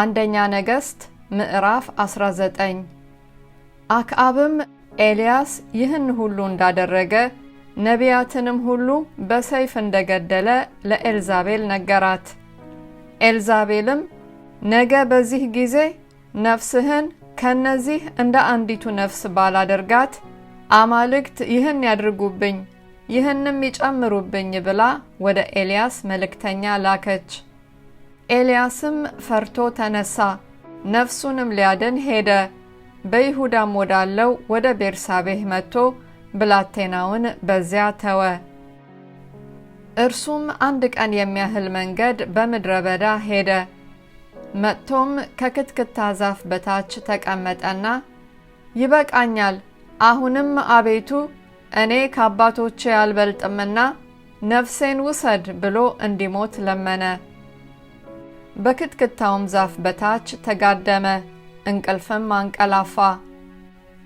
አንደኛ ነገሥት ምዕራፍ 19 አክዓብም ኤልያስ ይህን ሁሉ እንዳደረገ ነቢያትንም ሁሉ በሰይፍ እንደገደለ ለኤልዛቤል ነገራት። ኤልዛቤልም ነገ በዚህ ጊዜ ነፍስህን ከነዚህ እንደ አንዲቱ ነፍስ ባላደርጋት አማልክት ይህን ያድርጉብኝ፣ ይህንም ይጨምሩብኝ ብላ ወደ ኤልያስ መልእክተኛ ላከች። ኤልያስም ፈርቶ ተነሳ፣ ነፍሱንም ሊያድን ሄደ። በይሁዳም ወዳለው ወደ ቤርሳቤህ መጥቶ ብላቴናውን በዚያ ተወ። እርሱም አንድ ቀን የሚያህል መንገድ በምድረ በዳ ሄደ። መጥቶም ከክትክታ ዛፍ በታች ተቀመጠና ይበቃኛል፣ አሁንም አቤቱ እኔ ከአባቶቼ አልበልጥምና ነፍሴን ውሰድ ብሎ እንዲሞት ለመነ። በክትክታውም ዛፍ በታች ተጋደመ፣ እንቅልፍም አንቀላፋ።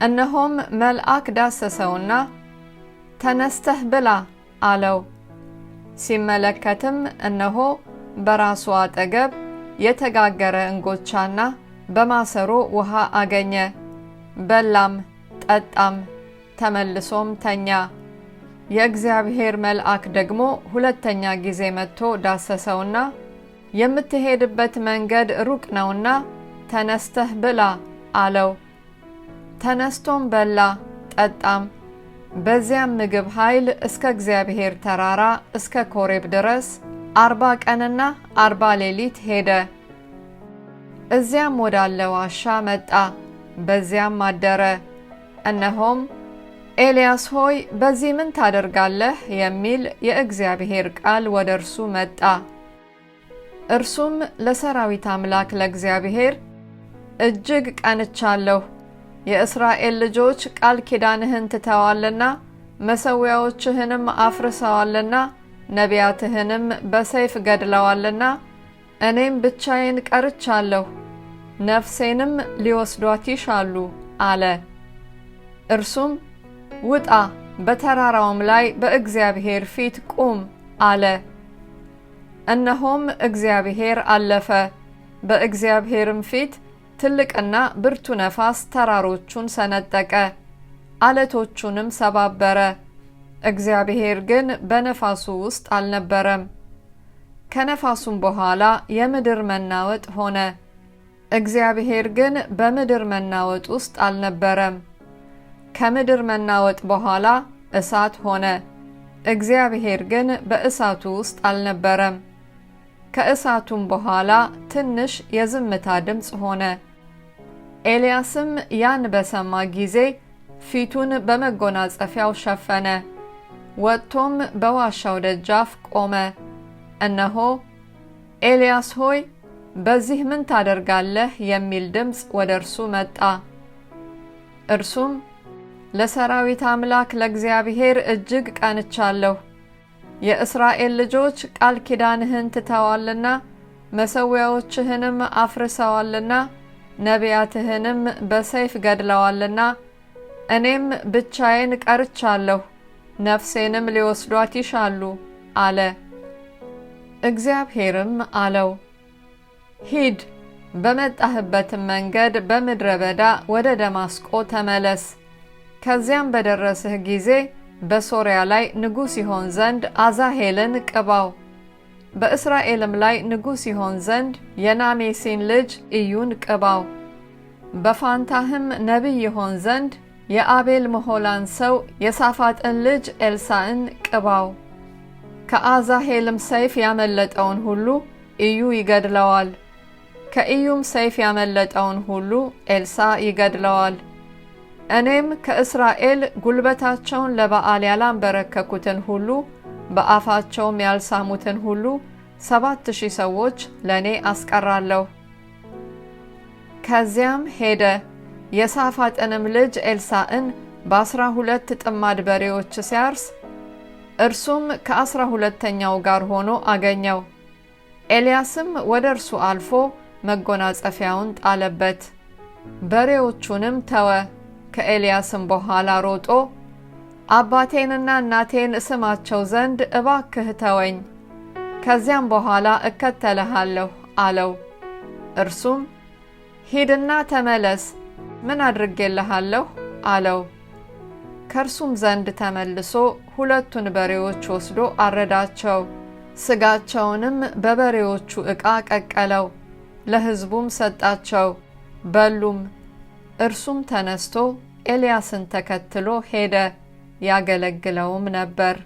እነሆም መልአክ ዳሰሰውና ተነስተህ ብላ አለው። ሲመለከትም እነሆ በራሱ አጠገብ የተጋገረ እንጎቻና በማሰሮ ውሃ አገኘ። በላም ጠጣም፣ ተመልሶም ተኛ። የእግዚአብሔር መልአክ ደግሞ ሁለተኛ ጊዜ መጥቶ ዳሰሰውና የምትሄድበት መንገድ ሩቅ ነውና ተነስተህ ብላ አለው። ተነስቶም በላ ጠጣም። በዚያም ምግብ ኃይል እስከ እግዚአብሔር ተራራ እስከ ኮሬብ ድረስ አርባ ቀንና አርባ ሌሊት ሄደ። እዚያም ወዳለ ዋሻ መጣ። በዚያም አደረ። እነሆም ኤልያስ ሆይ በዚህ ምን ታደርጋለህ? የሚል የእግዚአብሔር ቃል ወደ እርሱ መጣ። እርሱም ለሰራዊት አምላክ ለእግዚአብሔር እጅግ ቀንቻለሁ፣ የእስራኤል ልጆች ቃል ኪዳንህን ትተዋልና መሠዊያዎችህንም አፍርሰዋልና ነቢያትህንም በሰይፍ ገድለዋልና እኔም ብቻዬን ቀርቻለሁ፣ ነፍሴንም ሊወስዷት ይሻሉ አለ። እርሱም ውጣ፣ በተራራውም ላይ በእግዚአብሔር ፊት ቁም አለ። እነሆም እግዚአብሔር አለፈ፣ በእግዚአብሔርም ፊት ትልቅና ብርቱ ነፋስ ተራሮቹን ሰነጠቀ፣ አለቶቹንም ሰባበረ። እግዚአብሔር ግን በነፋሱ ውስጥ አልነበረም። ከነፋሱም በኋላ የምድር መናወጥ ሆነ፣ እግዚአብሔር ግን በምድር መናወጥ ውስጥ አልነበረም። ከምድር መናወጥ በኋላ እሳት ሆነ፣ እግዚአብሔር ግን በእሳቱ ውስጥ አልነበረም። ከእሳቱም በኋላ ትንሽ የዝምታ ድምፅ ሆነ። ኤልያስም ያን በሰማ ጊዜ ፊቱን በመጎናጸፊያው ሸፈነ፣ ወጥቶም በዋሻው ደጃፍ ቆመ። እነሆ ኤልያስ ሆይ በዚህ ምን ታደርጋለህ? የሚል ድምፅ ወደ እርሱ መጣ። እርሱም ለሰራዊት አምላክ ለእግዚአብሔር እጅግ ቀንቻለሁ የእስራኤል ልጆች ቃል ኪዳንህን ትተዋልና መሠዊያዎችህንም አፍርሰዋልና ነቢያትህንም በሰይፍ ገድለዋልና እኔም ብቻዬን ቀርቻለሁ፣ ነፍሴንም ሊወስዷት ይሻሉ አለ። እግዚአብሔርም አለው፣ ሂድ በመጣህበትም መንገድ በምድረ በዳ ወደ ደማስቆ ተመለስ። ከዚያም በደረስህ ጊዜ በሶሪያ ላይ ንጉሥ ይሆን ዘንድ አዛሄልን ቅባው። በእስራኤልም ላይ ንጉሥ ይሆን ዘንድ የናሜሲን ልጅ ኢዩን ቅባው። በፋንታህም ነቢይ ይሆን ዘንድ የአቤል መሆላን ሰው የሳፋጥን ልጅ ኤልሳዕን ቅባው። ከአዛሄልም ሰይፍ ያመለጠውን ሁሉ ኢዩ ይገድለዋል። ከኢዩም ሰይፍ ያመለጠውን ሁሉ ኤልሳ ይገድለዋል። እኔም ከእስራኤል ጉልበታቸውን ለበዓል ያላንበረከኩትን ሁሉ በአፋቸውም ያልሳሙትን ሁሉ ሰባት ሺህ ሰዎች ለእኔ አስቀራለሁ። ከዚያም ሄደ የሳፋጥንም ልጅ ኤልሳዕን በአስራ ሁለት ጥማድ በሬዎች ሲያርስ እርሱም ከአስራ ሁለተኛው ጋር ሆኖ አገኘው። ኤልያስም ወደ እርሱ አልፎ መጎናጸፊያውን ጣለበት፣ በሬዎቹንም ተወ። ከኤልያስም በኋላ ሮጦ አባቴንና እናቴን እስማቸው ዘንድ እባክህ ተወኝ፣ ከዚያም በኋላ እከተልሃለሁ አለው። እርሱም ሂድና ተመለስ፣ ምን አድርጌልሃለሁ አለው። ከእርሱም ዘንድ ተመልሶ ሁለቱን በሬዎች ወስዶ አረዳቸው፣ ስጋቸውንም በበሬዎቹ ዕቃ ቀቀለው፣ ለሕዝቡም ሰጣቸው፣ በሉም። እርሱም ተነስቶ ኤልያስን ተከትሎ ሄደ፣ ያገለግለውም ነበር።